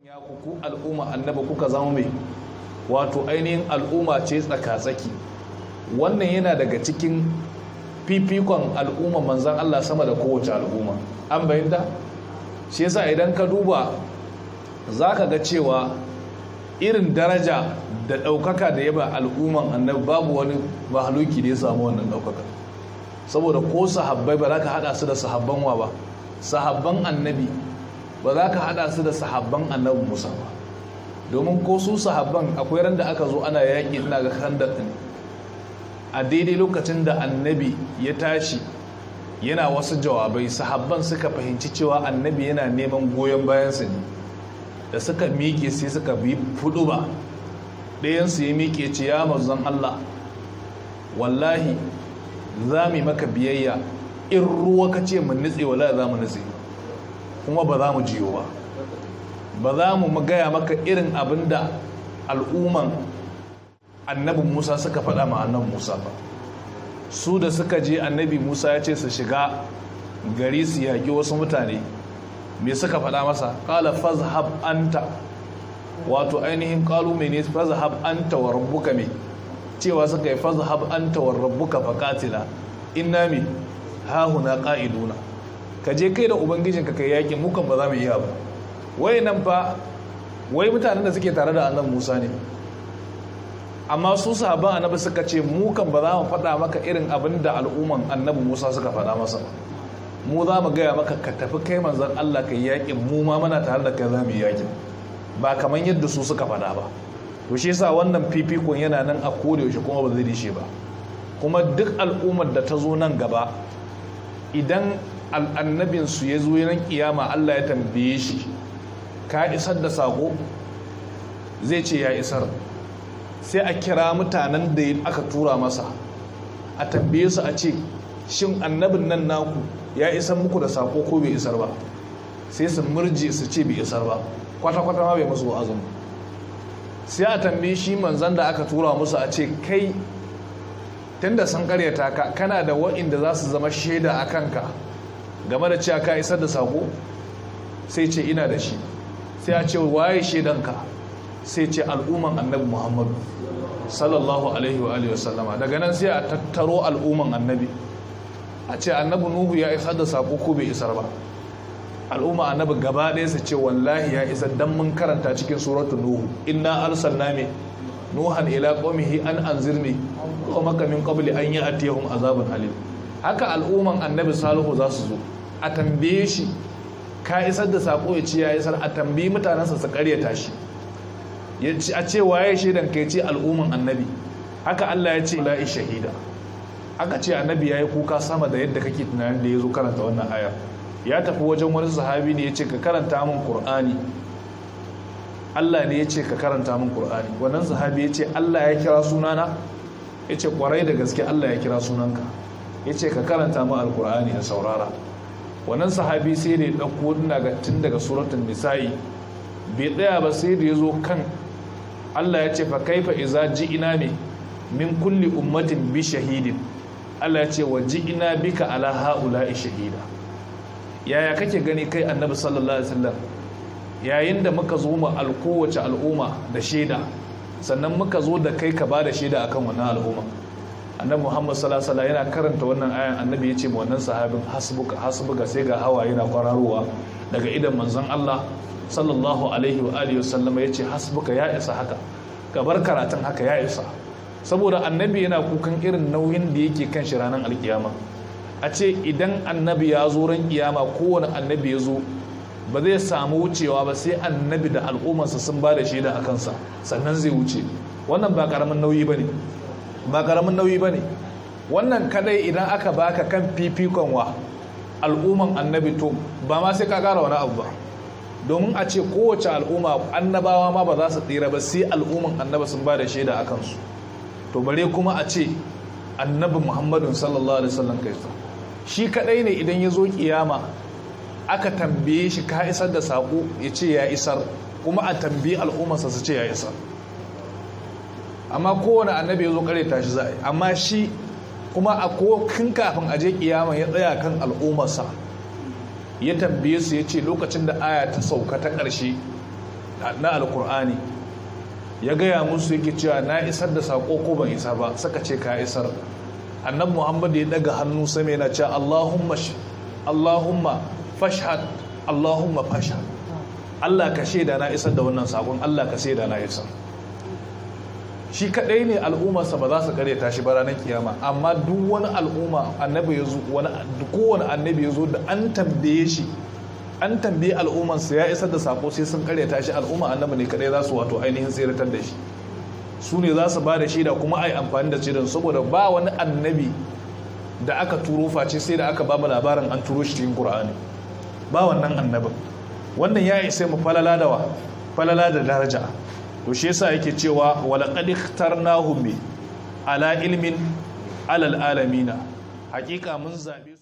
ya ku al'umma annaba kuka zama mai wato ainihin al'umma ce tsaka-tsaki wannan yana daga cikin fifikon al'umma manzan Allah sama da kowace al'umma an bayyanta shi yasa idan ka duba za ka ga cewa irin daraja da ɗaukaka da yaba al'umman annabi babu wani mahaluki da ya samu wannan ɗaukaka saboda ko sahabbai ba za ka haɗa su da sahabban wa ba sahabban annabi ba za ka hada su da sahabban annabi musa ba domin ko su sahabban akwai randa aka zo ana yaƙi ina ga khandak ne a daidai lokacin da annabi ya tashi yana wasu jawabai sahabban suka fahimci cewa annabi yana neman goyon bayansu ne da suka miƙe sai suka bi fudu ba ɗayansu ya miƙe ce ya mazan allah wallahi za mu maka biyayya in ruwa ka ce mu nutse wala za mu nutse kuma ba za mu jiyo ba ba za mu gaya maka irin abin da al'umman annabin musa suka faɗa ma annabin musa ba su da suka je annabi musa ya ce su shiga gari su yaƙi wasu mutane me suka faɗa masa ƙala fazhab anta wato ainihin ƙalu mai ne fazhab anta wa rabbuka me cewa suka yi fazhab anta wa rabbuka faqatila inna mi hahuna ƙa'iduna ka je kai da ubangijinka kai yakin mukan ba za mu iya ba nan fa wai mutanen da suke tare da annabi Musa ne amma su sahabban annabi suka ce mu kan ba za mu faɗa maka irin abin da al'umman annabi Musa suka faɗa masa ba mu za mu gaya maka ka tafi kai manzon Allah kai yakin mu ma muna tare da kai za mu yakin ba kamar yadda su suka faɗa ba to shi yasa wannan fifikon yana nan a koda yaushe kuma ba zai dishe ba kuma duk al'ummar da ta zo nan gaba idan su ya zo nan kiyama Allah ya tambaye shi ka isar da sako zai ce ya isar sai a kira mutanen da aka tura masa a tambaye su a ce shin annabin nan naku ya isar muku da sako ko bai isar ba sai su murje su ce bai isar ba kwata-kwata ma bai musu wa'azin sai a tambaye shi manzan da aka tura musu a ce kai tunda sun karyata ka kana da wa'inda za su zama shaida a kanka game da cewa ka isar da sako sai ce ina da shi sai ya ce waye shaidanka sai ce al'umman annabi muhammadu sallallahu alaihi wa alihi wasallama daga nan sai a tattaro al'umman annabi a ce annabi nuhu ya isar da sako ko bai isar ba al'umma annabi gaba ɗaya su ce wallahi ya isar dan mun karanta cikin suratu nuhu inna arsalna me nuhan ila qaumihi an anzirni qawmaka min qabli an ya'tiyahum azabun alim haka al'umman annabi salihu za su zo a tambaye shi ka isar da sako ya ce ya isar a tambayi mutanensa su karya shi a ce waye shaidan kai ce al'umman annabi haka Allah ya ce la'i shahida aka ce annabi ya yi kuka sama da yadda kake tunanin da ya zo karanta wannan aya ya tafi wajen wani sahabi ne ya ce ka karanta min Kur'ani. Allah ne ya ce ka karanta min Kur'ani wannan sahabi ya ce Allah ya kira sunana ya ce kwarai da gaske Allah ya kira sunanka ya ce ka karanta mu alkur'ani da saurara wannan sahabi sai da ya ɗauko tun daga suratun nisa'i bai ɗaya ba sai da ya zo kan allah ya ce fa kaifa iza ji ina ne min kulli ummatin bi shahidin allah ya ce wa ji ina bika ala ha'ula'i shahida yaya kake gani kai annabi sallallahu alaihi wasallam yayin da muka zo mu alkowace al'umma da shaida sannan muka zo da kai ka ba da shaida akan wannan al'umma annabi muhammad sallallahu alaihi yana karanta wannan ayan annabi ya ce ma wannan sahabin hasbuka hasbuka sai ga hawa yana kwararowa daga idan manzon Allah sallallahu alaihi wa alihi wasallam ya ce hasbuka ya isa haka gabar karatun haka ya isa saboda annabi yana kukan irin nauyin da yake kan shi ranar alkiyama a ce idan annabi ya zo ran kiyama kowane annabi ya zo ba zai samu wucewa ba sai annabi da al'ummarsa sun ba da shaida a kansa sannan zai wuce wannan ba karamin nauyi ba ne ba karamin nauyi ba ne wannan kadai idan aka baka kan fifikon wa al'umman annabi to ba ma sai ka kara wani abu ba domin a ce kowace al'umma annabawa ma ba za su tsira ba sai al'umman annaba sun ba da shaida a kansu to bare kuma a ce annabi muhammadun sallallahu alaihi wasallam kai shi kadai ne idan ya zo kiyama aka tambaye shi ka isar da saƙo ya ce ya isar kuma a tambayi al'ummarsa su ce ya isar amma kowane annabi ya zo kare tashi za a amma shi kuma a kokin kafin a je kiyama ya tsaya kan al'ummarsa ya tambaye su ya ce lokacin da aya ta sauka ta ƙarshe na alkur'ani ya gaya musu yake cewa na isar da saƙo ko ban isa ba saka ce ka isar annan muhammad ya daga hannu sama yana cewa allahumma allahumma fashhad allahumma fashhad allah ka shaida na isar da wannan saƙon allah ka shaida na isar shi kadai ne al'ummarsa ba za su karyata shi ba ranar kiyama amma duk wani al'umma annabi ya zo wani kowane annabi ya zo da an tambaye shi an tambaye al'ummarsa ya isar da sako sai sun karyata shi al'umma annabi ne kadai za su wato ainihin tseratar da shi su ne za su ba da shaida kuma a yi amfani da shirin saboda ba wani annabi da aka turo face sai da aka ba mu labarin an turo shi cikin qur'ani ba wannan annabin wannan ya isa mu falala da wa falala da daraja to shi yasa yake cewa walaqad ikhtarnahum ala ilmin alal alamina hakika mun zabe